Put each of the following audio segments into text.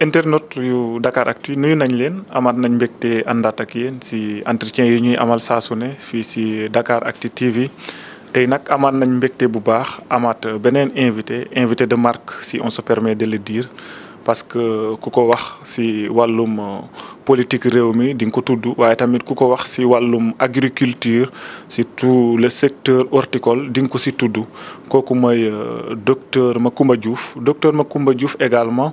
internet yu Dakar Actu nuyu nañ leen amaat nañ mbégte àndaat ak yéen si entretien yi ñuy amal saa su ne si Dakar Actu TV tey nag amaat nañ mbégte bu baax amaat beneen invité invité de marque si on se permet de le dire parce que ku ko wax si wàllum euh, politique réew mi di ko tudd waaye tamit ku ko wax si wàllum agriculture tout le secteur horticole di ko si tudd kooku mooy euh, docteur Makumba Diouf docteur Makumba Diouf également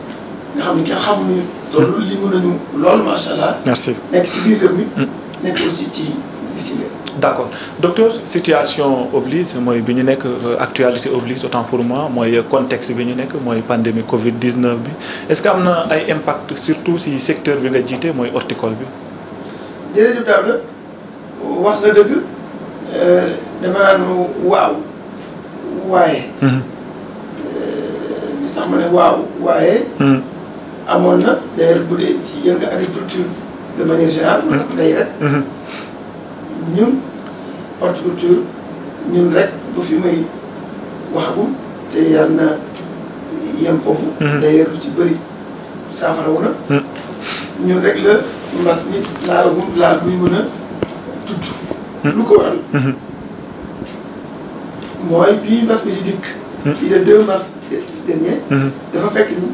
Hmm. merci hmm. D'accord. docteur situation oblige euh, actualité oblige autant pour moi Le contexte est pandémie Covid 19 est ce qu'il y un impact surtout si secteur bi horticole amoon na d'ailleurs bu dee ci yëngu agriculture de manière générale. maanaam mbéy mm-hmm. rek. Mm-hmm. ñun horticulture ñun rek bu fi may waxagum te yàlla na yem foofu. Mm-hmm. d'ailleurs lu ci bëri saafara wu na. ñun rek la mas mi laalagum laal buy mën a tudd. lu ko waral. mooy bii mbas mi di dikk. ci le 2 mars dernier. dafa fekk ni.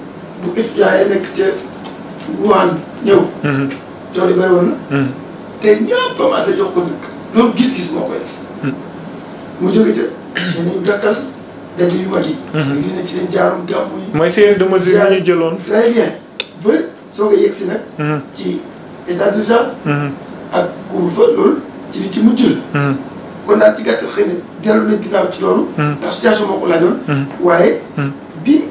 bu étudiants yi nekk ca Wuhan ñëw. Mm-hmm. coono yi bëri woon na. Mm-hmm. te ñoo commencé jox ko dëkk loolu gis-gis moo koy def. Mm-hmm. mu jóge te ne nañu dakkal daje yu mag nga gis ne ci lañ jaaroon gàmmu yi. mooy série de mesures yi ñu jëloon. très bien ba soo ko yegg nag. ci état d'urgence. ak couvre-feu loolu ci li ci mujj la. kon daal ci gàttal xëy na dellu nañ ginnaaw ci loolu. ndax situation moo ko laajoon. waaye bi.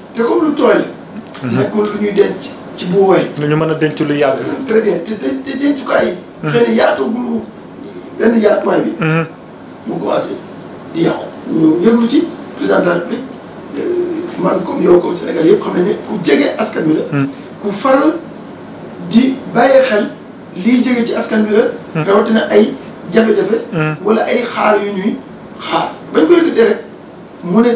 te comme lu tooy la. Mhm. nekkul lu ñuy denc ci buubaay. lu ñu mën a denc lu yàgg. très bien te de dencukaay yi. Mhm. xëy na yaatugul benn yaatuwaay bi. Mhm. mu commencé di yàqu. ñu yëglu ci président de la euh, man comme yow comme Sénégal yëpp xam ne ne ku jege askan wi la. ku faral di bàyyi xel liy jege ci askan wi la. rawatina ay jafe-jafe. wala ay xaar yu ñuy xaar bañ ko yëkkatee rek mu ne.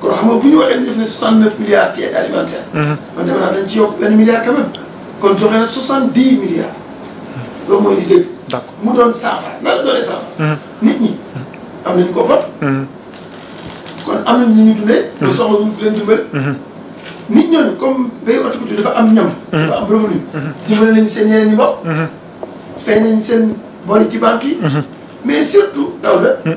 kon xam nga bu ñu waxee ñu def ne 69 milliards ci aide alimentaire. Mhm. man defe naa dañ ci yokk benn milliard quand même. kon joxe na 70 milliards. loolu mooy li dëgg. mu doon saafara nan la doonee saafara. Mhm. ko bopp. Mhm. soxla wu leen dimbale. nit ñooñu comme bay horticulture dafa am ñam. dafa am revenu. dimbale nañu seen yeneen ñi bopp. fay nañu seen bor ci banque yi. mais surtout daw la.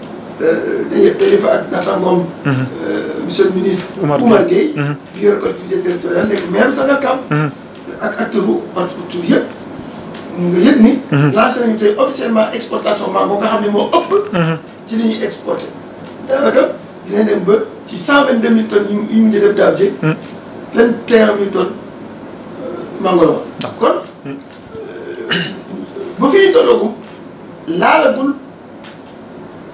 dañuy dañuy fa ak naataangoom. Mhm. Euh, monsieur le ministre. Oumar Gueye bi yor collectivité territoriale nekk maire Sangalkam. Mhm. ak acteur bu partout yëpp. nga yëg ni. Mhm. lancé nañu tey officiellement exportation mango nga xam ne moo ëpp. ci li ñuy exporté. daanaka dina dem ba ci cent vingt deux mille tonnes yu ñu def daaw jéeg. vingt et un mille tonnes euh, mango kon euh, bu fi ñu tollagum laalagul.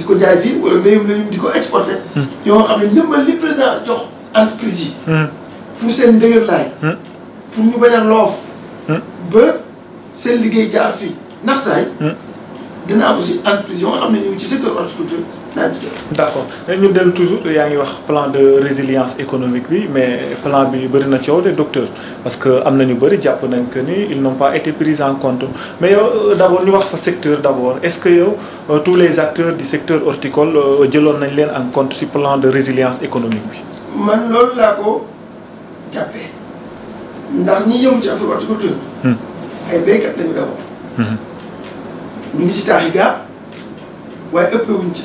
Il y a des gens qui ont exporté. président jox entreprise pour hmm. pour seen ndëgërlaay. Hmm. pour ñu bañ a loof. Hmm. ba sen liggéey jaar fi dina aussi entreprise yo xamné ñu d'accord nous avons toujours un ngi plan de résilience économique bi mais plan bi bëri na docteurs de docteur parce que am na ñu bëri que ni ils n'ont pas été pris en compte mais yow nous abord ce secteur d'abord est ce que euh, tous les acteurs du secteur horticole euh, ont nañ leen en compte sur plan de résilience économique bi. man loolu laa ko jàppee ndax ñi yëngu ci affaire horticulture. Hmm. ay béykat lañu d' abord. Hmm. ñu ngi ci taax yi ci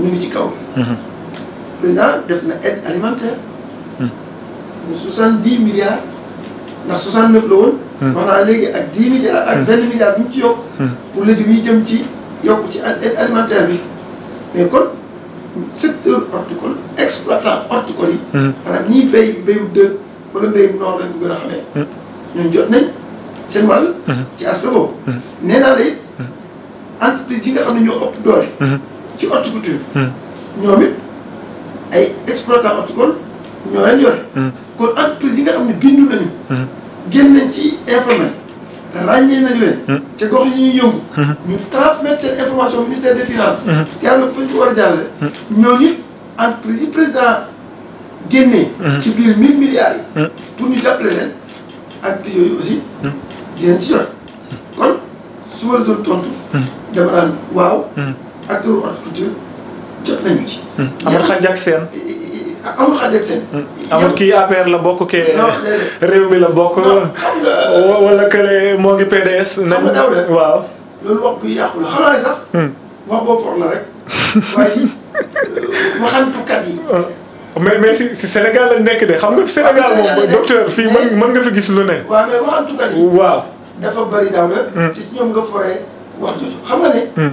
ñu ngi ci kaw. président def na aide alimentaire. bu soixante dix milliards ndax soixante neuf la woon. wax léegi ak dix milliards ak benn milliard bu ñu ci yokk. pour légumes yi jëm ci yokk ci aide alimentaire bi mais kon secteur horticole exploitant horticole yi. maanaam ñiy béy mbéyum dër wala mbéyum noor lañ ko jot nañ seen wàll. ci aspect boobu. Hmm. nee entreprise yi nga xam ne ñoo ëpp doole. ci horticulture. Hmm. ñoom it ay exploitants horticoles ñoo leen yore. Hmm. kon entreprise yi nga xam ne bindu nañu. Hmm. génn nañ ci informel ràññee nañu leen. te gox yi ñuy yëngu. ñu transmettre seen information ministère des finances. yàlla na ko fa ñu war a jàllale. ñooñu it entreprise yi président génnee. ci biir mille milliards yi. pour ñu leen ak yooyu aussi. dinañ ci jot kon su ma doon tontu. dama naan waaw. acteur horticulture xaj ak seen. amul xaj ak seen. Hmm. amul kii APR la bokk kee. réew mi la bokk. wala kële moo ngi PDS. xam nga waaw. loolu wax bu yàqu la xam naa ne sax. Hmm. Euh, yi. Ah. mais mais si Sénégal lañ nekk de xam nga Sénégal moom docteur fii mën mën nga fi gis lu ne. waaw mais waxantukat yi. dafa bari daaw la. te si ñoom nga foree wax jooju xam nga ne. Hmm.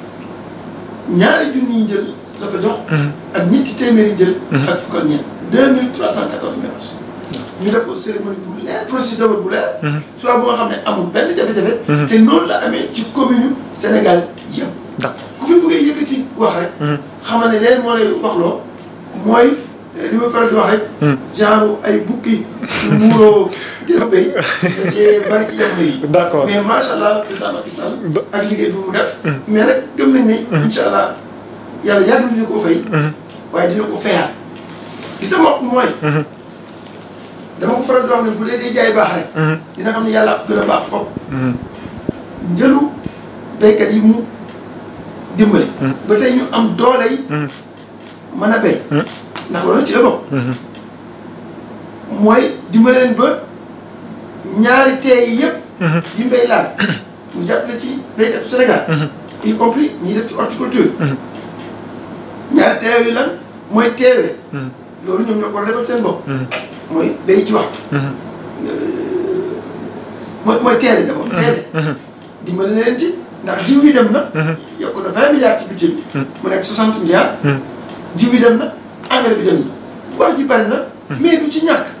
ñaari junni yi jël la dox ak mm-hmm. ak ñetti téeméeri jël. Mm-hmm. ak fukk ak ñeent deux mille trois cent quatorze ménages. Mm-hmm. ñu def ko cérémonie bu leer processus d' bu leer. soit bu nga xam ne amul benn jafe-jafe. te noonu la amee ci commune Sénégal yëpp. d' accord ku fi bëggee yëkkati wax rek. xamal ne leneen moo lay wax loo mooy eh, li ma faral di wax rek. genre ay bukki muuroo dina béy da cee bari ci jamono yi. d' accord mais macha allah président Macky Sall ak liggéey bi mu def. Hmm. mais nag gëm ni. incha allah yàlla yàgg nañu ko fay. waaye dina ko fayaat. li ci wax mooy. dama ko faral di wax ne bu dee day jaay baax rek. dina xam ne yàlla gën a baax foofu. njëlu yi mu dimbali. ba tey ñu am doole yi. mën a béy. ndax loolu ci la bokk. mooy dimbale leen ba ñaari teey yëpp. Mhm. yi mbay laal mu jàppale ci béykat Sénégal. Mhm. y ñi def ci horticulture. Mhm. ñaari teew yi lan mooy teewee. loolu ñoom ñoo ko war a defal seen bopp. mooy béy ci waxtu. Euh, mooy mooy teele d'abord teele. dimbale leen ci ndax jiw yi dem na. yokk na vingt milliards ci budget bi. mu nekk soixante milliards. jiw yi dem na engrais bi dem na wax ji bari na. du ci ñàkk.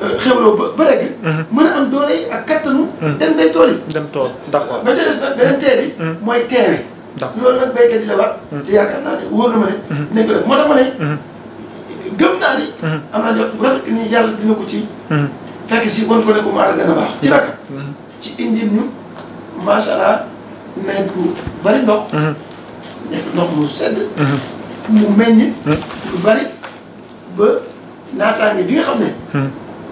xewloo ba ba rek. Mhm. mën a am doole yi ak kattanu. Mhm. dem bay tool yi. dem tool d'accord ba ca des nag beneen tee bi. Mhm. mooy teere. d'accord loolu nag béykat yi la war. te yaakaar naa ne wóor ma ne. dinañ ko def moo tax ma ne. gëm naa ni. am na jot bu rafet ni yàlla dina ko ci. fekk si wan ko ne ko maa gën a baax. ci naka. ci indi ñu macha allah nekk bari ndox. nekk ndox mu sedd. mu meññ. lu bari ba naataange bi nga xam ne.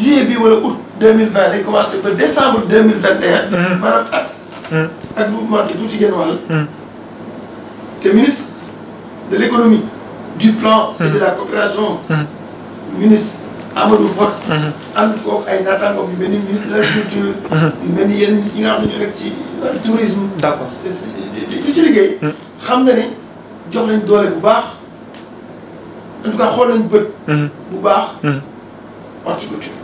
juillet bi wala août 2020 mille vingt lay commencé ba décembre 2021 mille et un. Mm. maanaam at. Mm. ak bu manqué tuuti genn wàll. Mm. te ministre de l'économie du plan. et de la coopération. ministre Amadou Bot. and koog ay natangom yu mel ministre de l' agriculture. yu mel ni yi nga xam ñu nek ci tourisme. d'accord di ci liggéey. xam jox nañ doole bu baax en tout cas xool nañ bët. bu baax. horticulture.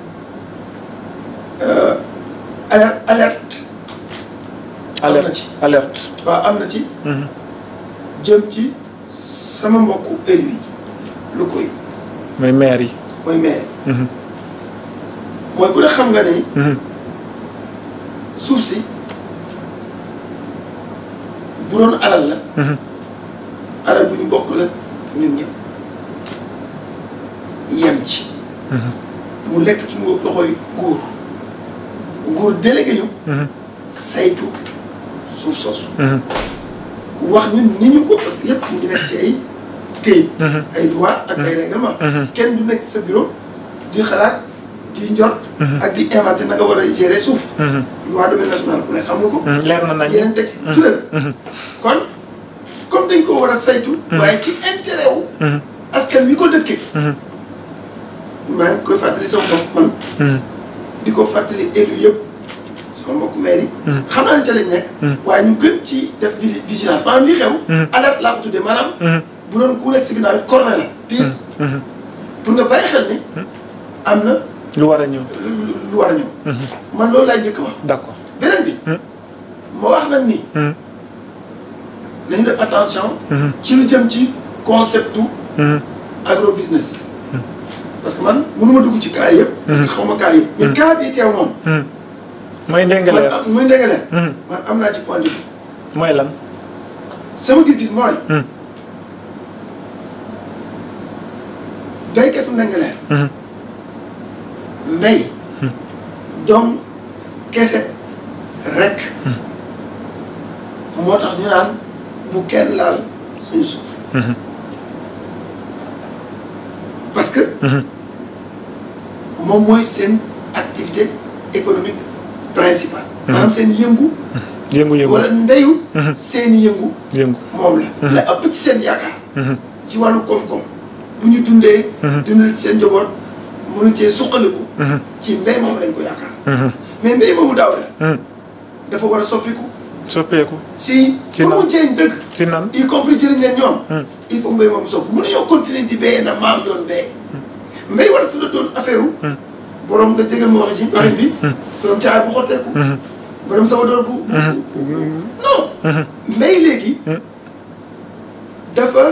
alerte alerte. am na am na ci. Mhm. jëm ci sama mbokku élu yi lu koy. mooy maire yi. mooy maire yi. Mhm. mooy ku ne xam nga ni. Mhm. suuf si bu doon alal la. alal bu ñu bokk la ñun ñëpp yem ci. mu lekk ci loxoy nguur. nguur délégué ñu. Mhm. saytu suuf soosu. Mhm. wax ñun ni ñu ko yépp que nekk ci ay këyit. Mhm. ay loi ak ay règlement. kenn du nekk sa bureau di xalaat di njort. ak di inventé na nga war a gérer suuf. loi domaine national ku ne xam nga ko. leer na nañ yeneen texte tout kon comme dañ ko war a saytu. waaye ci intérêt wu. askan wi ko dëkkee. maa ngi koy fàttali sama bopp man. diko fatali fàttali élu yëpp sama mbokk maire yi. Hmm. xam naa ne ca lañ nekk. Hmm. waaye ñu gën ci def vigilance maanaam li xew. Hmm. alerte laa ko tuddee maanaam. bu doon ku nekk si ginnaaw it corona la. pire pour nga bàyyi xel ni. am na. lu war a ñëw lu war a ñëw. man loolu laay njëkk wax. d'accord beneen bi. ma wax nag ni. nañu def attention. ci lu jëm ci conceptu. agro business. parce que man mënu dugg ci cas yëpp. parce que mhm. xaw ma cas yëpp. mais mhm. cas bii teew moom. Mhm. mooy ndengaleer man am naa ci point de mooy lan. sama gis-gis mooy. béykatu ndengaleer. mbéy. doom kese rek. moo tax ñu naan bu kenn laal suñu suuf. parce que. Mhm. moom mooy seen activité économique principale. Mhm. maanaam seen yëngu. yëngu-yëngu wala ndeyu. Mhm. seen yëngu. yëngu moom la. la ëpp ci seen yaakaar. ci wàllu koom-koom bu ñu dundee. dundal ci seen njaboot mënu cee suqaliku. ci mbéy moom lañ ko yaakaar. mais mbéy moomu daaw la. dafa war a soppiku. soppeeku si pour mu jëriñ dëkk si nan y compris jëriñ leen ñoom hmm. il faut mbéy moom soppi mënuñoo continuer di béyee na maam doon béyee hmm. mbéy war a tudd doon affaire u hmm. borom nga jégal ma wax ji waxin bi borom caay bu xotteeku borom bu non mbéy léegi dafa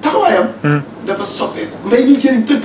taxawaayam dafa soppeeku mbéy ñuy jëriñ dëkk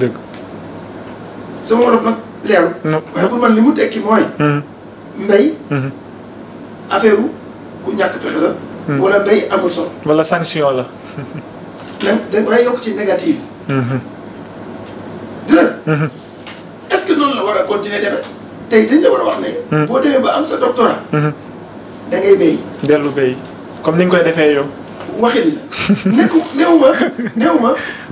dëgg sama wolof nag leeru waaye pour man li mu tekki mooy mm-hmm. mbay mm-hmm. affaire u ku ñàkk pexe la mm-hmm. wala mbay amul solo wala sanction la nag dañ koy yokk ci négative dina est-ce que noonu la war a continuer demee tey dañ la war wax ne boo demee ba am sa doctorat da ngay béy dellu béy comme ni nga koy defee yow waxin la nekku néew ma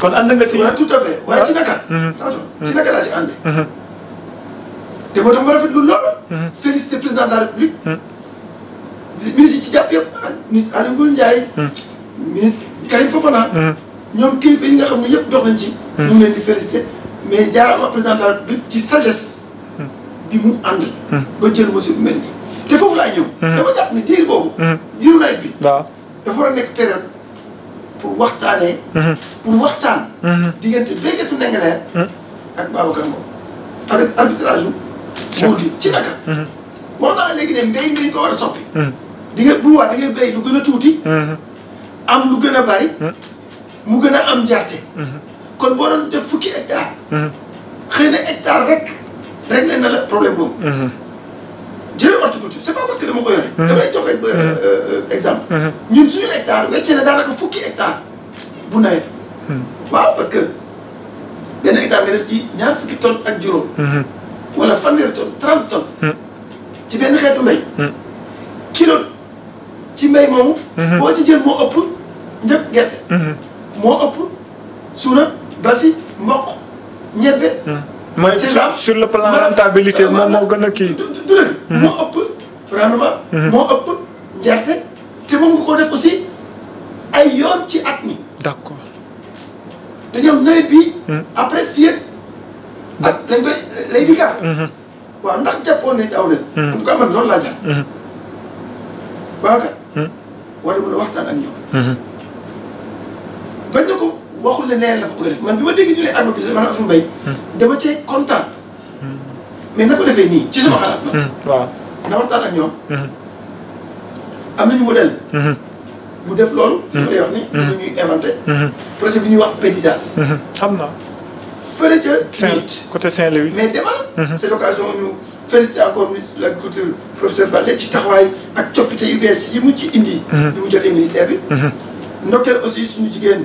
kon ànd nga si. waaw tout à fait waaye ci naka. Mm-hmm. attention ci mm-hmm. naka laa ci àndee. Mm-hmm. te moo tax ma rafetlu loolu. félicité président de la république. ministre yi ci jàpp yëpp ah, ministre Aly Ngouille Ndiaye. ministre Karim Fofana. ñoom kilifa yi nga xam ne yëpp dox nañ ci. ñu ngi leen di félicité mais jaaraama président la république ci sagesse. bi mu ànd. ba jël mesure bu mel nii te foofu laay ñëw. dama jàpp ne diir boobu. diiru nawet bi. dafa war a nekk période. pour waxtaanee. pour waxtaan. diggante béykatu Ndingler. ak Babacar Ngom. avec arbitrage gu. nguur gi ci naka. wax naa léegi ne mbéy mi dañ ko war a soppi. Hmm. di nga bu waa di nga béy lu gën a tuuti. Hmm. am lu gën a bari. Hmm. mu gën a am jarte. kon boo doon def fukki hectare. xëy na hectare rek. réglé na la problème boobu. jëlee horticulture c' est pas parce que dama ko yore. Mhm. damay jox rek euh, mhm. euh, exemple. Mhm. ñun suñu hectare wecce na daanaka fukki hectare bu nawet. waaw parce que benn nga def ci ñaar fukki tonnes ak juróom. wala fanweeri tonnes trente tonnes. ci benn xeetu mbay. kilo ci mbay moomu. boo ci jël moo ëpp njëkk gerte. moo ëpp suuna basi mboq ñebbe. mooy sur le plan rentabilité moom moo gën a kii. moo ëpp rendement. Mhm. moo ëpp njarte te moom ko def aussi ay yoon ci at mi. d' accord te ñoom bi. Mhm. après fii ak lay dikkaat. Mhm. waaw ndax jàppoon nañ daaw de. en tout cas na waxtaan ak ñoom. bañ na ko. waxul ne neen la fa def man bi ma dégg ñu ne arme na maanaam Assane Mbaye hmm. dama cee kontaan hmm. mais na ko defee nii ci sama xalaat na hmm. waaw na waxtaan ak ñoom am nañu modèle bu def loolu li ma lay wax ni lu ñuy inventé projet bi ñuy wax Pédidas xam na fële ca Saint côté Saint-Louis mais demal c'est l'occasion ñu félicité encore ministre de l'agriculture professeur Baldé ci taxawaay ak coppite yu bees yi mu ci indi. bi mu jotee ministère bi ndokkeel aussi suñu jigéen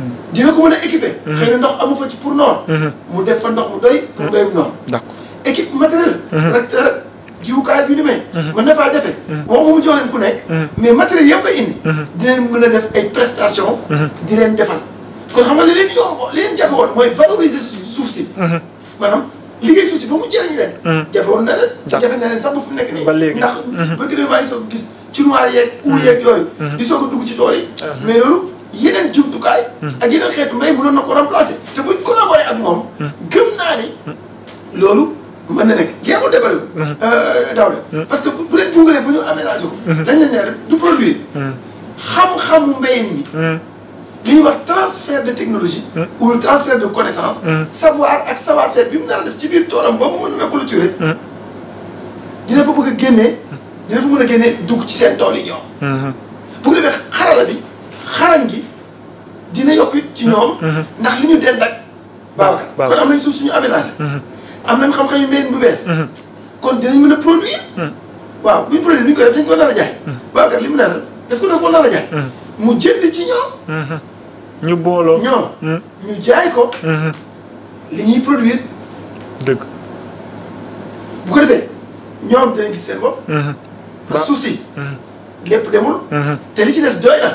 Mmh. dina ko mën a équiper. Mmh. xëy ndox amu fa ci pour noor. Mmh. mu def fa ndox mu doy pour mbéyum noor. d'accord équipe matériel. tracteur ak jiwukaay bi ni may. mën faa jafe. waxuma mu jox leen ku nekk. mais matériel yëpp fay indi. dinañ mën def ay prestations. di defal kon xam nga li leen yomb li leen suuf si. maanaam liggéey suuf si ba mu jëriñ leen. jafe woon na leen. jafe na leen sax ba fu nekk nii. ndax bëgg na maa ngi soog gis ci noor yeeg. ou yeeg yooyu. di soog a dugg ci tool yi. mais loolu. yeneen jumtukaay. Hmm. ak yeneen xeetu bu mënoon na ko remplacer. te buñ collaboré ak moom. Hmm. gëm naa ni. Hmm. loolu mën na nekk jeexul débariwul. Euh, daw na parce que bu leen dungalee bu ñu aménagé ko. dañ leen ne du produire. xam xam mbéy mi. li ñuy wax transfert de technologie. ou transfert de connaissance. savoir ak savoir-faire bi mu nar a def ci biir toolam ba mu mën na culturer. dina fa bëgg a génnee. dina fa mën a génnee dugg ci seen tool yi ñoom. bu ko defee ñawañ gi dina yokkit ci ñoom mm-hmm. Mm-hmm. ndax li ñu dend ak Babacar kon am nañ suuf suñu aménagé mm-hmm. am nañ xam-xam yu mbéy bu bees kon dinañ mën a produire waaw buñ produire ñu koy def dañ ko nar a jaay Babacar li mu nar a def ko daf ko nar a jaay mu jënd ci ñoom ñu booloo ñoom ñu jaay ko li ñuy produire dëgg bu ko defee ñoom dinañ gis seen bopp parce lépp demul te li ci des doy na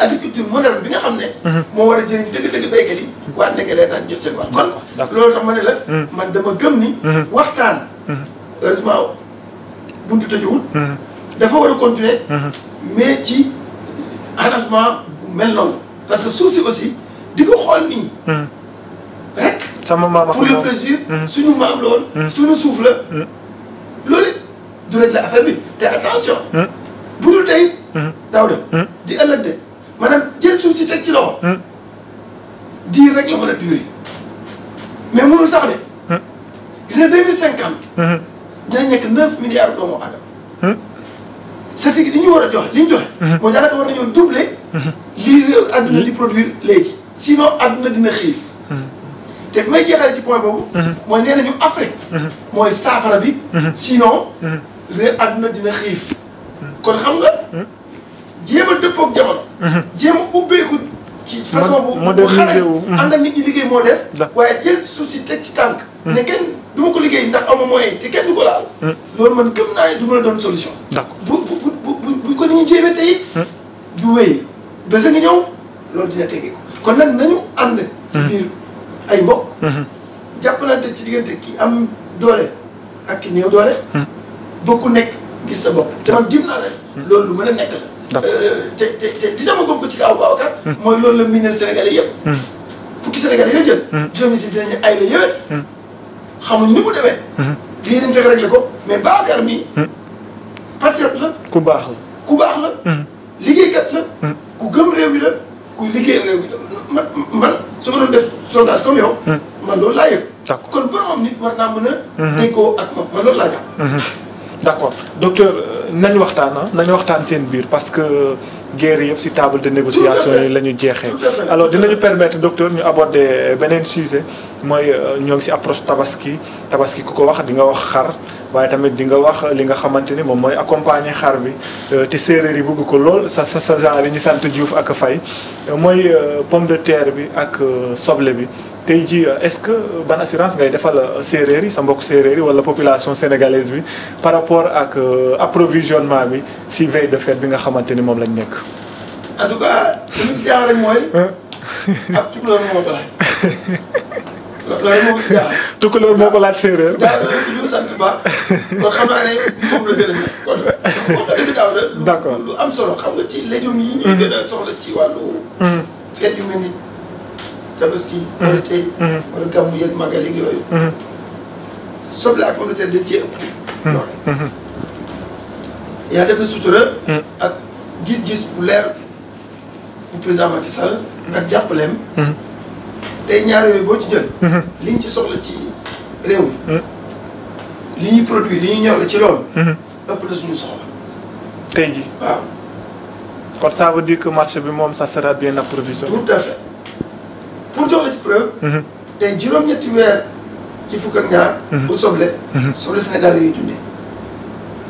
agriculture moderne bi nga ne. wara jëriñ dëgg-dëgg ne yi. na loolu tax ma la. Hmm. man dama gëm ni. Hmm. waxtaan. Hmm. heureusement buntu dafa continuer. mais ci arrangement bu parce que souci aussi di ko xool rek. sama pour le plaisir. suñu lool. suñu la. loolu du rek la affaire bi attention. budul tay di maanaam jël suuf ci tek ci loxo. Hmm. Di rek la mën a durer. mais mënul sax de. Hmm. gis nga 2050. mille cinquante. Hmm. dina nekk neuf milliards doomu aadama. c'est-à-dire li ñu war a joxe li ñu joxe. moo daanaka war nañoo doubler. li réew àdduna di produire léegi. sinon àdduna dina xiif. te fi may jeexale ci point boobu. mooy nee nañu Afrique. mooy saafara bi. sinon. réew àdduna dina xiif. kon xam nga djema a dëppoog jamono. Mhm. jéem a ubbeeku ci façon bu bu xale mhm. ànd ak nit ñi liggéey moo des. waaye jël suuf si ci tank mhm. ne ken du ko liggéey ndax amu moyen ci ken du ko laal. loolu man gëm naa ne du la doon solution. d'accord bu bu bu ko ni djema tay du wéy bés a ngi ñëw loolu dina tege ko kon nak nañu ànd. ci bir ay mbokk. jappalante ci diggante ki am doole ak ki néew doole. bokku nek gis sa bopp. te man jëm naa ne loolu lu mën a la. Euh, te te te li dama gëm ko ci kaw Babacar hmm. mooy loolu la miinal sénégalais yëpp hmm. fukki sénégalais yoo jël hmm. jomi ay la yëwén xamuñ ni mu demee lii nañ fexe réglé ko mais Babacar mii patriote la ku baax la ku baax la liggéeykat la ku gëm réew mi la ku liggéey réew mi la man su ma doon def sondage comme yow man loolu laa yëg kon boromam nit war naa mën a déggoo ak man loolu laa jàpp D'accord. Docteur, docteur nañu waxtaan ah nañu waxtaan s'en biir parce que guerre yëpp ci table de négociation yi la ñu jeexee alors dinañu permettre docteur ñu aborder beneen sujet mooy euh, ñoo ngi ci approche tabaski tabaski ku ko wax di nga wax xar waaye tamit di nga wax li nga xamante ni moom mooy accompagner xar bi euh, te séeréer yi bëgg ko lool sa sa sa genre yi ñu sant Diouf ak Fay euh, mooy pomme de terre bi ak soble bi tey jii est-ce que ban assurance ngay defal séeréer yi sa mbokk séeréer yi wala population sénégalaise bi par rapport ak approvisionnement bi ci veille de fête bi nga xamante ni moom lañ nekk en tout cas li mu ci jaaxal rek mooy. ab tukulóor moo ko laaj. loolu moo ko ci jaaxal. tukulóor moo ko laaj séeréer. jaaxal nañu ci lu sant ba. kon xam naa ne moom la gën a ñor kon boo ko defee daaw de. d'accord lu am solo xam nga ci légumes yi. ñuy gën a hmm. soxla ci wàllu. Hmm. fête yu mel ni tabaski. wala tey. Hmm. wala gàmmu yeeg màggal yeeg yooyu. soble ak pomme de terre dañ cee ëpp. doole. yaa def na sutura. ak gis-gis bu leer. bu président Macky Sall. ak jàppaleem. Hmm. tey ñaar yooyu boo ci jël. Hmm. liñ ci soxla ci réew mi. Hmm. li ñuy produit li ñuy ñor la ci loolu. ëpp na suñu soxla. tey jii waaw. kon ça veut dire que marché bi moom ça sera bien approvisionné. tout à fait pour jox la ci preuve. tey juróom-ñetti weer ci fukk ñaar. bu soble. soble Sénégal la dundee.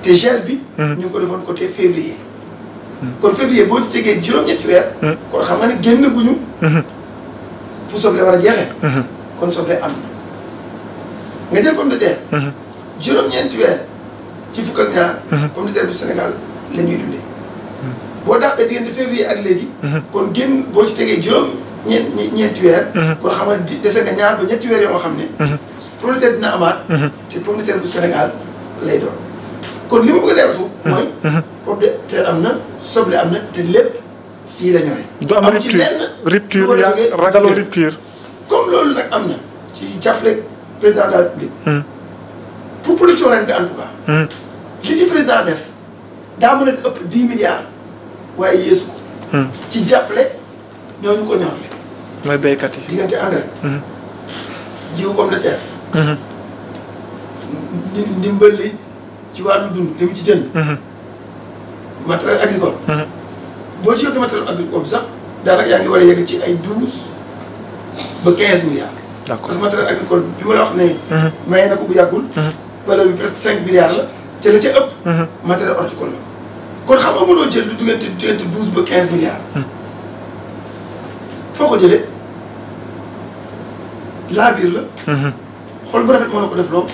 te gel bi. ñu ngi ko defoon côté février. Hmm. kon février bo ci tegee juróom-ñetti weer. Hmm. kon xam nga ni génn guñu hmm. fu soble wara a kon soble am nga jël pomme de terre. juróom-ñeenti weer ci fukk ak ñaar. pomme de terre bu Sénégal lañuy dundé bo boo dàqee diggante février ak légui kon génn bo ci tegee juróom ñeent ñeenti weer. kon xam nga di dese nga ñaar bu ñetti weer yo xamné pomme de terre dina amaat. ci pomme de terre bu Sénégal lay doon. kon li ma bëgg a dellu suuf. Mhm. mooy. Mhm. pomme de terre am na soble am na te lépp fii la ñoree. du am rupture ragaloo rupture. comme loolu nag am na ci jàppale président de la République. Mhm. pour production ren bi def daa mën a ëpp dix milliards waaye yeesu ko. ci jàppale ñooñu ko ñorle. mooy béykat yi. diggante engrais. jiw pomme de terre. ndimbal li. ci wàllu dund dem ci jën mhm. matériel agricole. Mhm. boo ci yokkee matériel agricole sax daanaka yaa ngi war a yegg ci ay douze ba quinze milliards. d'accord parce que matériel agricole bi ma la wax ne. Mhm. maye na ko bu yàggul. valeur bi presque cinq milliards la te la ca ëpp. matériel horticole la kon xam nga mënoo jël lu diggante diggante douze ba quinze milliards. foo ko jëlee laa biir la. xol bu rafet moo la ko def loo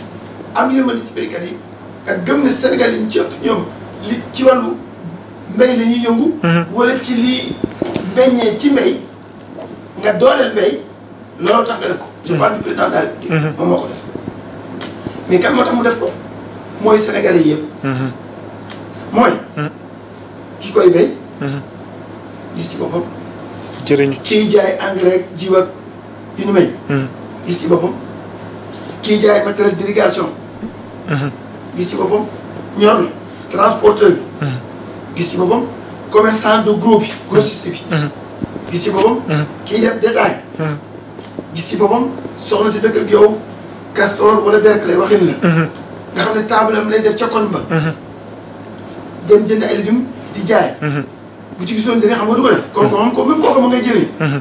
am yërmande ci béykat yi. ak gëm na Sénégal yi ci ëpp ñoom li ci wàllu mbéy la ñuy yëngu. Mhm. wala ci lii meññee ci mbéy nga dooleel mbéy loolu tax nga def ko. je mhm. parle du président mhm. moom moo ko def mais kan moo tax mu def ko mooy sénégalais yëpp. mooy. ki koy béy. gis ci boppam. jërëjëf kiy jaay engrais jiw ak yu ni may. gis ci boppam kiy jaay matériel d'irrigation. gis ci boppam ñor bi transporteur bi. Mm-hmm. gis ci boppam commerçant de gros bi grossiste bi. Mm-hmm. gis ci boppam. Mm-hmm. kii def détail. gis ci boppam soxna si dëkk ak yow castor wala derk lay waxin la. nga xam ne table am lay def ca koñ ba. dem jënd ay légumes di jaay. bu ci gisoon dina xam nga du def. kon ko xam ko même kooku ngay jëriñ.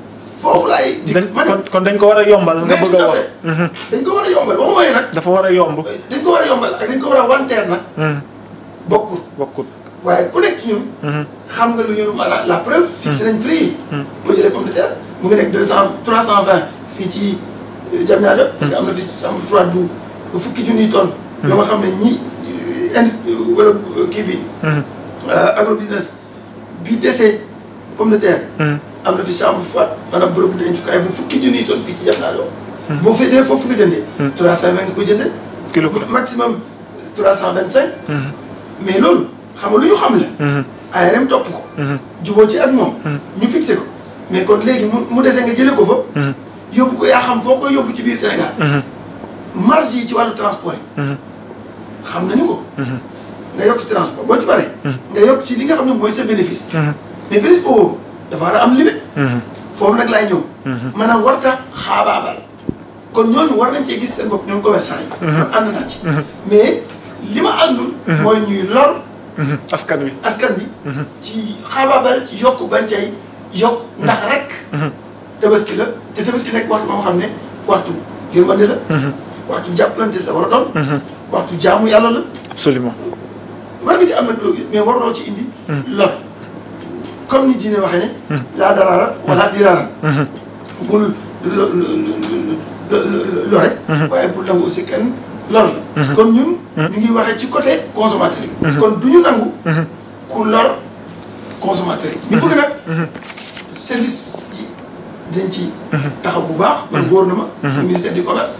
foofu laay. man kon dañ ko war a yombal nga bëgg a wax. Mhm. dañ ko war a yombal waxuma ne nag. dafa war a yomb. dañ ko war a yombal ak dañ ko war a wanteer nag. Mhm. bokkut bokkut. waaye ku nekk ci ñun. Mhm. xam nga lu ñu maanaam la preuve. fixé nañ prix yi. boo jëlee pomme de terre mu ngi nekk deux cent trois cent vingt fii ci euh, Diamniadio. parce que am na fi am froid bu fukki junniy tonnes. yoo nga xam ne ñi euh, indi euh, wala kii bi. agro business bi dese pomme de terre. am na fi chambre froide maanaam bërëb dencukaay bu fukki junniy tonne fii ci Diamniadio boo fee dee foofu nga jëndee hmm. trois cent vingt nga ko jëndee kilo maximum trois cent vingt hmm. mais loolu xam nga lu ñu xam la ARM hmm. topp ko juboo ci ak moom ñu fixé ko mais kon léegi mu mu dese nga jële ko fa yóbbu ko yaa xam foo koy yóbbu ci biir Sénégal marge yi ci wàllu transport yi xam nañu ko nga yokk ci transport boo ci paree nga yokk ci li nga xam ne mooy sa dafa war a am limite. Mm-hmm. foofu nag laay ñëw. Mm-hmm. maanaam warut a xaabaabal. kon ñooñu war nañ cee gis seen bopp ñoom commerçant yi. Mm-hmm. man ànd naa ci. mais li ma àndul. mooy ñuy lor. askan wi askan wi. ci xaabaabal ci yokk bàncay yokk ndax rek. ki la te tabaski nekk waxtu moo xam ne waxtu yërmande la. waxtu jàppalante la war a doon. waxtu jaamu yàlla la. absolument war nga ci am nag loolu mais waruloo ci indi. lor. comme ni diine waxee ne. laa daraara wala diraara. bul lo lore. waaye bul nangu si kenn lor la. kon ñun. ñu ngi waxee ci côté consommateur yi. kon du ñu nangu. ku lor consommateur yi. ñu bëgg nag service yi dañ ci. taxaw bu baax. man gouvernement. ministère du commerce.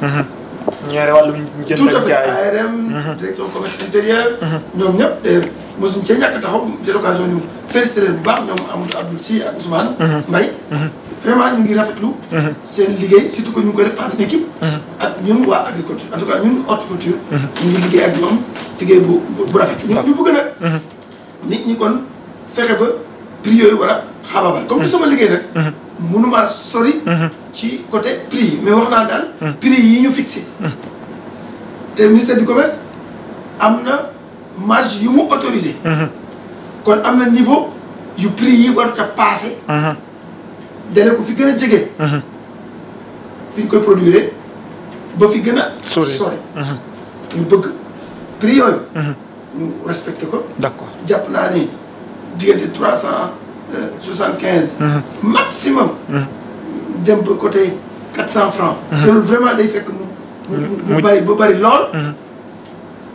ñaare wàllum jënd ak jaay tout à fait ARM. directeur commerce intérieur. ñoom ñëpp d'ailleurs mosuñ cee ñàkk taxaw c'est l'occasion ñu félicité leen bu baax ñoom Amadou Abdou Si ak Ousmane mhm. Mbaye mhm. vraiment ñu ngi rafetlu mhm. seen liggéey surtout que ñu ngi koy def en équipe ak ñun waa agriculture en tout cas ñu ngi liggéey ak ñoom liggéey bu rafet ñu ñu bëgg ñi kon fexe ba prix war a xaabaabal comme du sama liggéey nag mënuma sori ci côté prix yi mais wax naa daal prix yi ñu fixé te ministère du commerce am na marge yu mu autorisé. Mhm. kon amna niveau yu prix yi ta passer passé. Mhm. dale ko fi gën a jege. Mhm. fi ñu koy produire ba fi gën a. sori sori. ñu bëgg prix yooyu. ñu respecter ko. d'accord jàpp naa ni diggante 375 cent euh, soixante quinze. maximum. dem ba côté 400 francs. te vraiment day fekk mu. bari ba bari lool.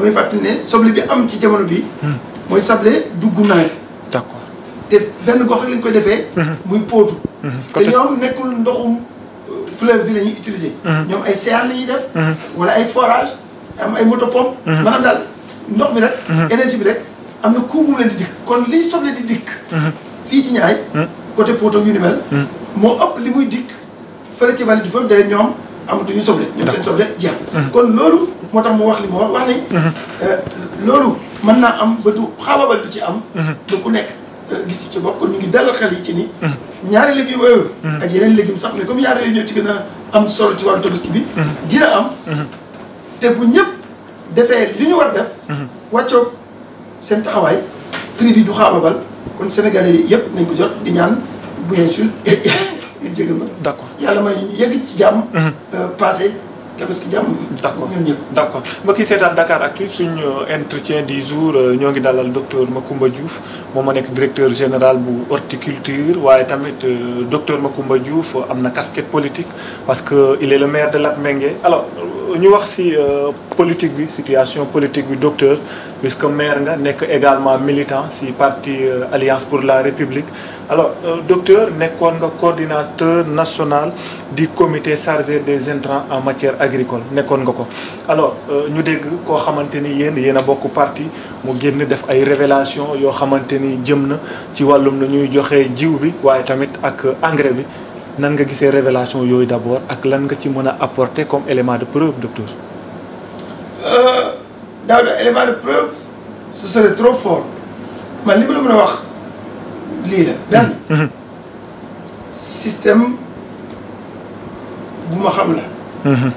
damay fàttali ne soble bi am ci jamono bi moy hmm. sablé duggu nawet d'accord et ben gox rek lañ koy défé hmm. muy potu hmm. té ñom nekkul ndoxum euh, fleuve bi la utiliser ñom ay séan la def wala ay forage am ay moto pompe maanaam daal ndox bi rek énergie bi rek amna na bu mu leen di dik kon li soble di dik fii ci ñaay côté poto ñu ni mel mo upp li muy dikk fële ci vallée du fleuve ñom amatu ñu soble ñu seen soble jeex kon lolu moo tax mu wax li mu wax wax ni. loolu mën naa am ba du xaabaabal du ci am. ba ku nekk gis ci bopp kon ñu ngi dalal xel yi ci ni. ñaari légumes yooyu. ak yeneen légumes sax mais comme ñaari yooyu ñoo ci gën am solo ci wàllu tabaski bi. dina am. te bu ñëpp defee li ñu war def. wàccoog seen taxawaay prix bi du xaabaabal kon sénégalais yëpp nañ ko jot di ñaan bu sûr jégal ma. d'accord yàlla may yegg ci jàmm. passé. d'accord d'accord d' d'accord ñun Dakar euh, entretien du jour euh, ñoo ngi le docteur Macoumba Diouf moom directeur général bu horticulture waaye le euh, docteur Macoumba Diouf un casquette politique parce que il est le maire de la Latmingué alors nous avons ci politique situation politique du docteur puisque maire est également militant le parti Alliance pour la République alors euh, docteur nous sommes coordinateur national du comité chargé des intrants en matière agricole nekkoon nga ko alors nous euh, dégg koo révélation ni ci na ñuy jiw bi engrais bi nan nga révélation révélations d'abord apporter comme élément de preuve docteur euh, da élément de preuve ce serait trop fort Mais ma je lii la benn mm-hmm. système bu ma xam la mm-hmm.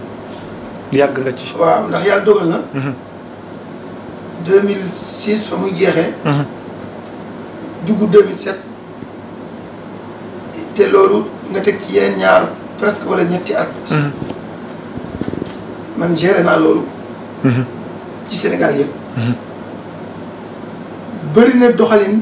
yàgg nga ci waaw ndax yàlla dogal na 2006 mm-hmm. fa muy jeexee dugg 2007 te loolu nga teg ci yeneen ñaar presque wala ñetti at man géré loolu ci Sénégal yëpp bëri doxalin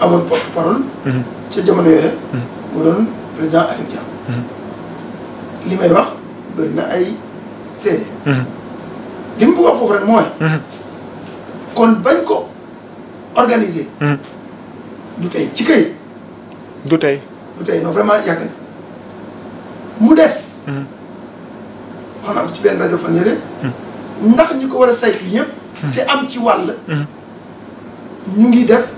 amoon porte mhm. ca jamono yooyu. Mhm. mu doon président Alioune mhm. li may wax bëri na ay seede. li mu bëgg wax foofu rek mooy. kon bañ ko organiser. du tey ci kay. du tey. du tey non vraiment yàgg na mu des. wax naa ko ci benn rajo fan yële. ndax ñu ko war a saytu yëpp. te am ci wàll. ñu ngi def.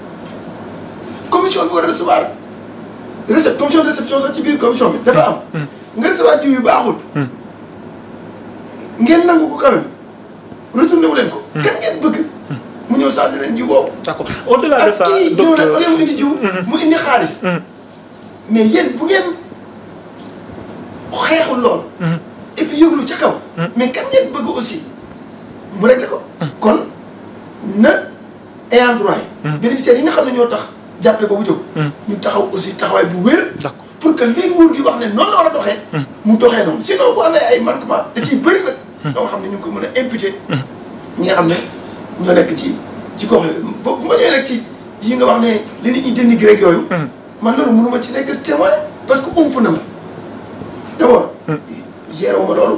commission bi a recevoir recep commission de ci biir commission bi dafa am. Hmm. nga recevoir jiw yu hmm. ngeen nangu ko quand même retourné wu ko. Hmm. kan bëgg. mu ñëw changé leen jiw boobu. d'accord au delà de ça docteur ak kii mu indi jiw. mu indi xaalis. mais yéen bu ngeen xeexul lool. et puis yëglu ca kaw. mais kan ngeen bëgg aussi mu réglé ko. kon na ayant droit yi nga xam ne ñoo tax. jàppale boobu jóg. Hmm. ñu taxaw aussi taxawaay bu wér. pour que lii nguur gi wax ne noonu la war a doxee. Hmm. mu doxee noonu sinon bu amee ay manquement da ciy bëri nag. Hmm. xam ne ñu ngi ko mën a imputé. ñi nga xam ne ñoo nekk ci ci gox yooyu ba ma ñëwee nag ci yi nga wax ne li nit ñi gi rek yooyu. man loolu mënu ma ci nekk témoin parce que ump na ma d' abord. géré loolu.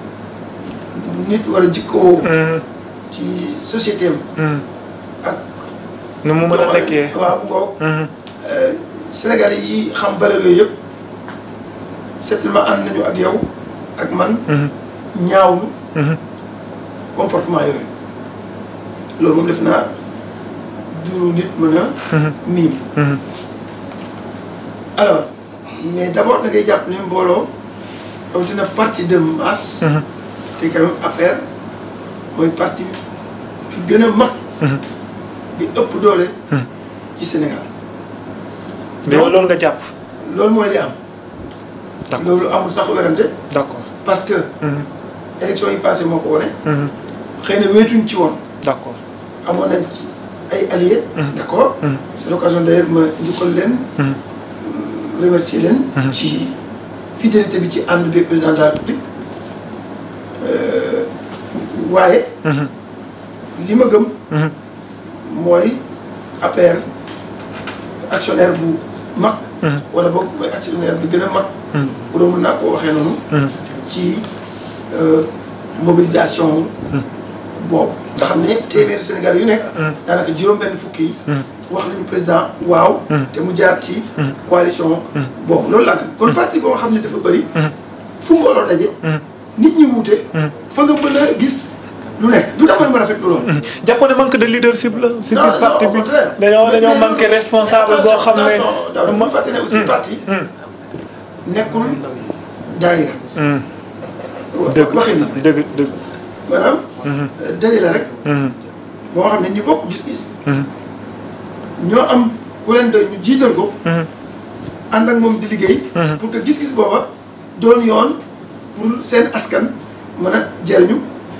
nit war a jikkoo mm. ci société mm. ak nu mu mën a nekkee waaw ko mm-hmm. euh, Sénégalais yi xam valeur yooyu yëpp certainement ànd nañu ak yow ak man mm-hmm. ñaawlu mm-hmm. comportement yooyu loolu moom def naa duru nit mën a miim alors mais d'abord da ngay jàpp ne mbooloo na partie de masse te quand même affaire mooy parti bi gën a mag. Mhm. bi ëpp doole. Mhm. ci Sénégal. mais loolu nga jàpp. loolu mooy li am. d'accord loolu amul sax werante. d'accord parce que. Mhm. élection yi passé moo ko wane. xëy na wéetuñ ci woon. d'accord amoon nañ ci ay alliés. d'accord c'est l'occasion d'ailleurs ma njukkal leen. remercier leen. ci fidélité bi ci ànd bi président de la République waaye. Mhm. li ma gëm. Mhm. mooy APR actionnaire bu mag. Mhm. wala boog mooy actionnaire bi gëna a mag. bu do mën naa koo waxee noonu. ci euh, mobilisation. boobu nga xamné ne Sénégal yu nek nekk. daanaka juróom ben fukki yi. wax nañu président waaw. té mu jaar ci. coalition boobu loolu la gëm kon parti bo xamné ne dafa bari fu mbooloo dajé nit ñi wuté fa nga mëna gis. lu nekk du tax man ma rafetlu lool. jàpp ne manque de leadership la. si biir parti bi dañoo dañoo manqué responsable boo xam ne. ma aussi parti. Nekul daayira. dëgg waxin na dëgg dëgg. maanaam. daayira rek. boo xam ñu gis-gis. ñoo am ku leen doy ñu jiital ko. ànd ak di pour que gis-gis booba doon yoon pour askan mën jëriñu.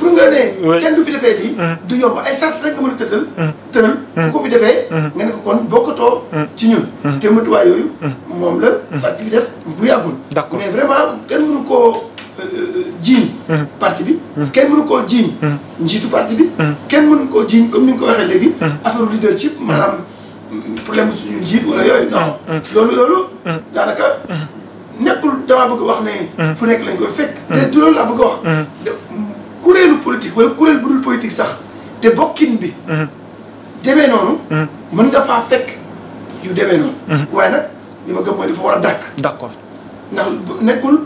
pour nga ne. kenn du fi defee lii. Mm. du yomb ay sart rek nga mën a tëddal. Mm. Mm. ku ko fi defee. nga ne ko kon bokkatoo. ci ñun. te matuwaay yooyu. moom la parti bi def bu yàggul. mais vraiment kenn mënu koo euh, euh, jiiñ. parti bi. kenn mënu koo jiiñ. njiitu parti bi. kenn mënu koo jiiñ comme ni nga ko waxee léegi. affaire leadership maanaam problème suñu njiit wala yooyu non. loolu loolu. daanaka. nekkul damaa bëgg wax ne. fu nekk lañ koy fekk. te du loolu laa bëgg wax. le politique wala le bu politique sax te bokkin bi. Mhm. demee noonu. Mhm. mën nga faire fekk yu demee non, mhm. waaye nag non, gëm mooy dafa a dàkk. d'accord ndax nekkul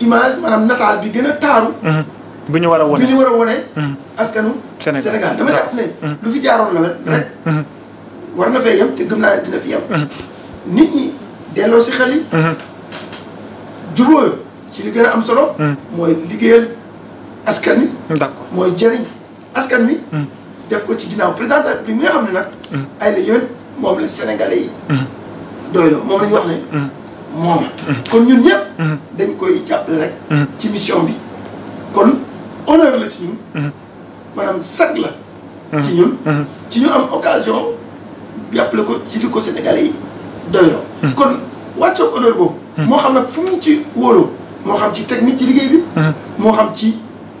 image maanaam Natal bi gëna taru hmm bu ñu war a wone ñu askanu Sénégal dama jàpp ne. lu fi jaaroon la rek. war na fee yem te gëm naa dina fi yem. nit ñi délo si xel hmm jubóoyo ci li gëna am solo. moy liggéeyal askan d'accord moy à ce def ko ci ginaaw président de la nga est nak hmm. Sénégalais yi. Hmm. wax hmm. mom kon ñun ñëpp. dañ mission bi kon honneur la ci ñun. manam sag la. ci ñun. ci ñu am occasion ko ci Sénégalais yi moi kon waccu honneur mo xam nak fu ci xam ci technique ci bi. xam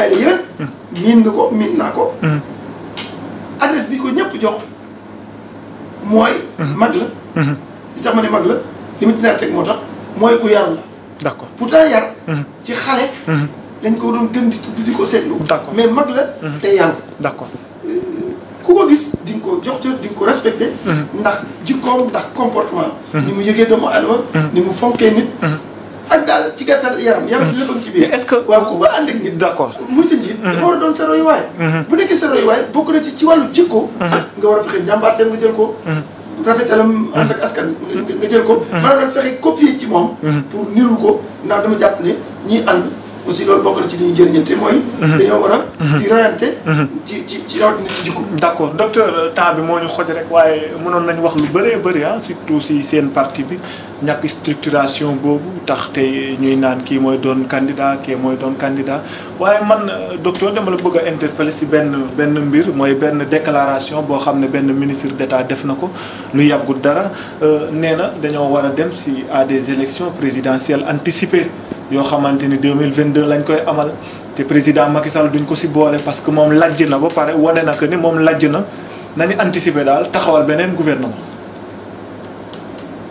ay la hmm. miin nga ko miin naa ko hmm. adresse bi ko ñëpp jox mooy hmm. mag la li tax ma ne mag la li ma ci nar teg moo tax mooy ku yar la d'accord pourtant yar ci xale lañ ko doon gën di tudd di ko seetlu d'accord mais mag la te yàlla d'accord euh, ku ko gis di nga ko jox cër di nga ko respecté ndax jikkoom ndax comportement ni mu yëgee doomu adama ni mu fonkee nit ak daal ci gàttal yaram. yaram mm-hmm. léppam ci biir. est-ce que waaw ku ba ànd ak nit. d'accord monsieur Njiit. dafa war a doon sa royuwaay. Mm-hmm. bu nekkee sa royuwaay bokk na ci ci jikko. Mm-hmm. nga war a fexe jàmbaarteem ko. rafetalam ànd ak askan nga jël ko. maanaam copier ci moom. pour niru ko ndax dama jàpp ne ñiy ànd. aussi loolu bokk na ci li ñu jëriñante mooy. dañoo war a. di rayante. ci ci ci rawatina ci jikko. d' accord docteur temps bi moo ñu xoj rek waaye mënoon nañu wax lu bëree bëri ah surtout si seen parti bi. ñàkk structuration bobu tax te ñuy naan ki moy doon candidat ki moy doon candidat waye man euh, docteur dama la bëgg a interpeller ci ben ben mbir moy ben déclaration bo xamné ne ministre d'État def nako ko lu yàggut dara euh na dañoo wara a dem ci à des élections présidentielles anticipées yo xamanteni 2022 lañ koy amal té président Macky Sall duñ ko ci bolé parce que mom lajj na ba pare woné na que ni moom lajj na dal anticiper daal taxawal benen gouvernement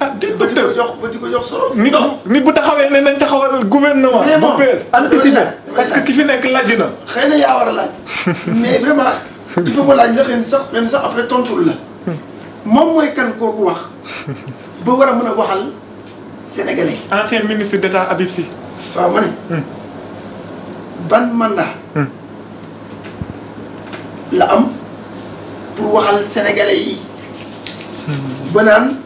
ah déet ko tëb ba di ko jox solo. nit bu nit bu taxawee ne nañ taxawal gouvernement. bu bees anticipé parce que ki fi nekk laaj na. xëy na yaa war a laaj. mais vraiment il faut que laaj nga xëy na sax xëy na sax après tontul la. moom mooy kan kooku wax ba war a mën a waxal sénégalais. ancien ministre d'état Habib Sy. waaw ma ne. ban mandat. la am pour waxal sénégalais yi. ba naan.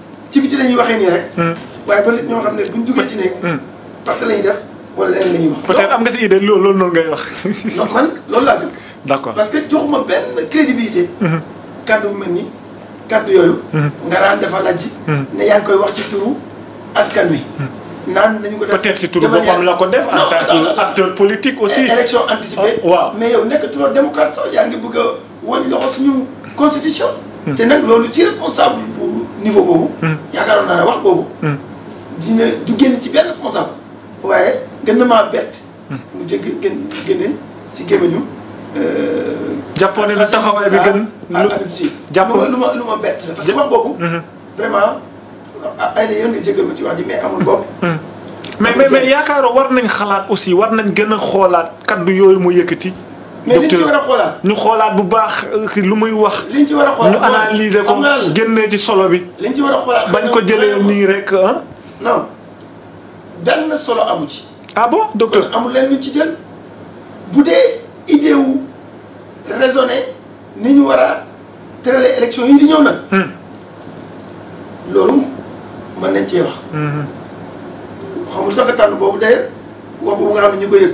ci biti la ñuy waxee nii rek. Hmm. waaye ba nit ñoo xam ne buñ duggee ci néeg. Hmm. pàcc la ñuy def wala leneen wax. peut am nga si idée loolu loolu ngay wax. non man loolu laa gëm. d'accord parce que joxuma benn crédibilité. Hmm. kàddu bu mel nii kàddu yooyu. nga daan dafa lajj. ne yaa ngi koy wax ci turu askan wi. naan nañu ko def peut-être si turu boppam la ko def. en tant que acteur politique aussi. élection anticipée. Oh, waaw mais yow nekk trop démocrate sax yaa ngi bëgg a loxo suñu constitution. Hmm. te nag loolu ci responsable bu niveau boobu. Hmm. yaakaaroon naa ne wax boobu. Hmm. dina du génn ci benn responsable. waaye gën na maa bett. mu jëgg gën génne ci gémmiñu. Euh, jàppoon ne lu taxawaay bi gën ah, jàppoon lu ma bett la parce que wax boobu. vraiment ay la yoon nga jéggal ma ci wax ji mais amul bopp. mais mais mais yaakaaroo war nañ xalaat aussi war nañ gën a xoolaat kaddu yooyu mu yëkkati. mais liñ ci war a xoolaat ñu xoolaat bu baax euh, lu muy wax. liñ ci war a xoolaat ñu analyser ko génnee ci solo bi. liñ ci war a xoolaat bañ ko jëlee nii rek ah. non benn solo amu ci. ah bon docteur amul leen ñu ci jël bu dee idée wu ni ñu war a tëralee élection yi di ñëw nag. Hmm. loolu mën nañ cee wax. Hmm. xam nga tànn boobu d'ailleurs wax boobu nga xam ne ñu ko yëg.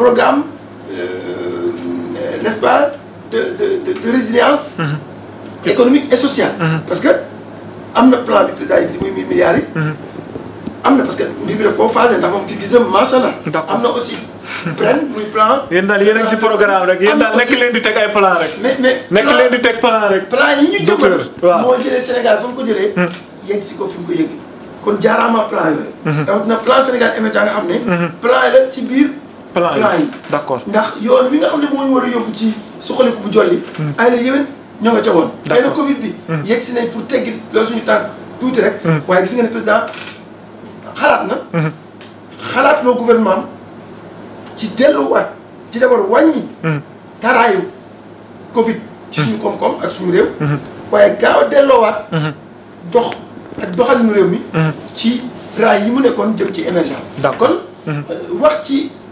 programme euh, n'est-ce pas de de de résilience. Mm-hmm. économique et sociale. Mm-hmm. parce que am na plan bi président yi muy mille milliards yi. Mm-hmm. am na parce que mbir mi daf koo phasé ndax moom gis-gisam macha allah. am na aussi. ren muy plan. yéen daal yéen a ngi si programme rek yéen daal nekk leen di teg ay plan rek. mais mais nekk leen di teg plan rek. plan yi ñu jëmmal waaw moo jëlee Sénégal fa mu ko jëlee. yegg si ko fi mu ko yëgee. kon jaaraama plan yooyu. rawatina plan Sénégal plan la ci plan yi d' ndax yoon mi nga xam ne moo ñu war a yóbbu ci suqaliku bu jolli. Hmm. ay la yéwén ñoo nga ca woon. ay na Covid bi. Hmm. yegg si nañ pour teggi loolu suñu tànk tuuti rek. Hmm. waaye gis nga ne président xalaat na. xalaat loo gouvernement am ci delluwaat ci d'abord wàññi. taraayu Covid. ci suñu koom-koom ak suñu réew. waaye gaaw a delloowaat. dox ak doxalinu réew mi. ci raay yi mu nekkoon jëm ci émergence. d' accord euh, wax ci.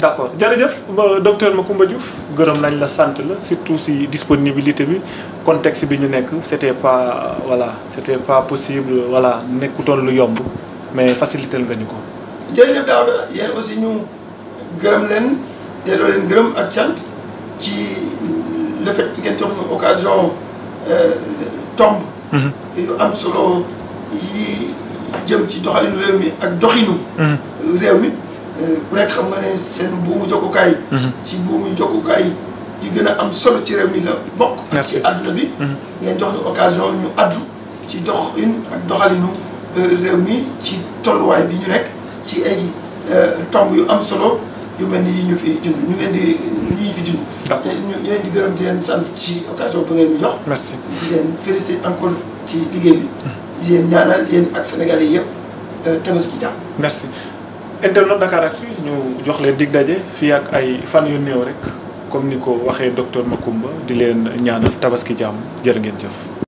D'accord. la docteur Makumba Diouf gërëm nañ la santé, la surtout si disponibilité bi contexte bi ñu nekk c'était pas voilà c'était pas possible voilà n'écoutons lu yomb mais faciliter le ñu ko. jërëjëf Daouda aussi ñu gërëm leen delloo leen qui, ak ci le fait ngeen jox ñu occasion euh, tombe. Mm-hmm. yu am solo yi jëm ci doxalinu réew mi ak doxinu. Mm-hmm. réew ku rek xam nga ne seen buumu jokkukaay. Mhm. ci buumu jokkukaay yi gën a am solo ci réew mi la bokk. ci àdduna bi. Mhm. ngeen jox ñu occasion ñu addu ci dox doxin ak doxalinu euh, réew mi ci tolluwaay bi ñu nekk ci ay euh, tomb yu am solo yu mel ni ñu fi dund ñu leen di ñu fi dund. ñu leen di gërëm di leen sant ci occasion bu ngeen ñu jox. merci di leen féliciter encore ci liggéey bi. Mhm. di leen ñaanal yéen ak sénégalais yëpp euh, tabaski jàmm. merci. internet Dakaractu ñu jox leen dig daje fii ak ay fan yu néew rek comme ni ko waxee docteur Macoumba di leen ñaanal tabaski jàmm jër ngeen jëf.